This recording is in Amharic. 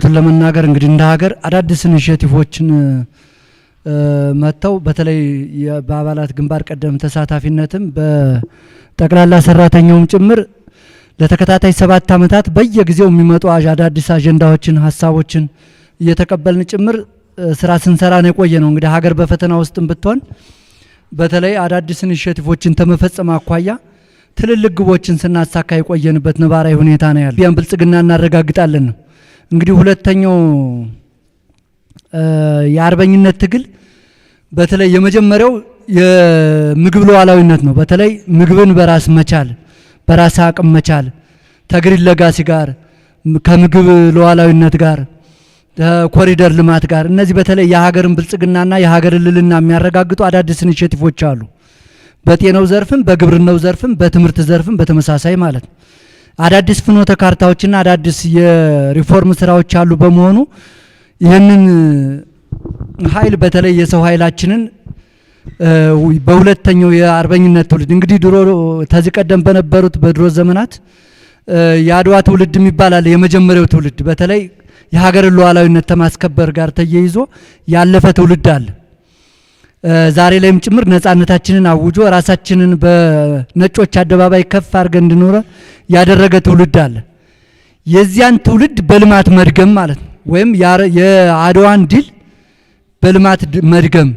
እንትን ለመናገር እንግዲህ እንደ ሀገር አዳዲስ ኢኒሼቲቮችን መጥተው በተለይ በአባላት ግንባር ቀደም ተሳታፊነትም በጠቅላላ ሰራተኛውም ጭምር ለተከታታይ ሰባት ዓመታት በየጊዜው የሚመጡ አዳዲስ አጀንዳዎችን፣ ሀሳቦችን እየተቀበልን ጭምር ስራ ስንሰራ ነው የቆየ ነው። እንግዲህ ሀገር በፈተና ውስጥም ብትሆን በተለይ አዳዲስ ኢኒሼቲቮችን ተመፈጸም አኳያ ትልልቅ ግቦችን ስናሳካ የቆየንበት ነባራዊ ሁኔታ ነው ያለ። ያን ብልጽግና እናረጋግጣለን ነው እንግዲህ ሁለተኛው የአርበኝነት ትግል በተለይ የመጀመሪያው የምግብ ሉዓላዊነት ነው። በተለይ ምግብን በራስ መቻል፣ በራስ አቅም መቻል ከግሪን ለጋሲ ጋር ከምግብ ሉዓላዊነት ጋር ኮሪደር ልማት ጋር እነዚህ በተለይ የሀገርን ብልጽግናና የሀገርን ልልና የሚያረጋግጡ አዳዲስ ኢኒሼቲቮች አሉ። በጤናው ዘርፍም፣ በግብርናው ዘርፍም፣ በትምህርት ዘርፍም በተመሳሳይ ማለት ነው። አዳዲስ ፍኖተ ካርታዎችና አዳዲስ የሪፎርም ስራዎች አሉ። በመሆኑ ይህንን ኃይል በተለይ የሰው ኃይላችንን በሁለተኛው የአርበኝነት ትውልድ እንግዲህ ድሮ ተዚህ ቀደም በነበሩት በድሮ ዘመናት የአድዋ ትውልድ የሚባላል የመጀመሪያው ትውልድ በተለይ የሀገርን ሉዓላዊነት ከማስከበር ጋር ተያይዞ ያለፈ ትውልድ አለ። ዛሬ ላይም ጭምር ነጻነታችንን አውጆ ራሳችንን በነጮች አደባባይ ከፍ አድርገን እንድኖረ ያደረገ ትውልድ አለ። የዚያን ትውልድ በልማት መድገም ማለት ነው፣ ወይም የአድዋን ድል በልማት መድገም